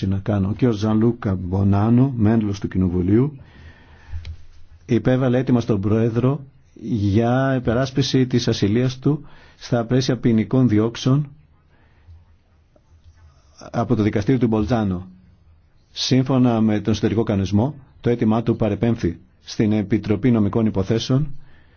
να κάνω. Ο κ. Ζανλούκα Μπονάνο, μέλος του Κοινοβουλίου, υπέβαλε έτοιμα στον Πρόεδρο για υπεράσπιση της ασυλίας του στα πλαίσια ποινικών διώξεων από το δικαστήριο του Μπολτζάνο. Σύμφωνα με τον εσωτερικό κανονισμό, το αίτημά του παρεπέμφθη στην Επιτροπή Νομικών Υποθέσεων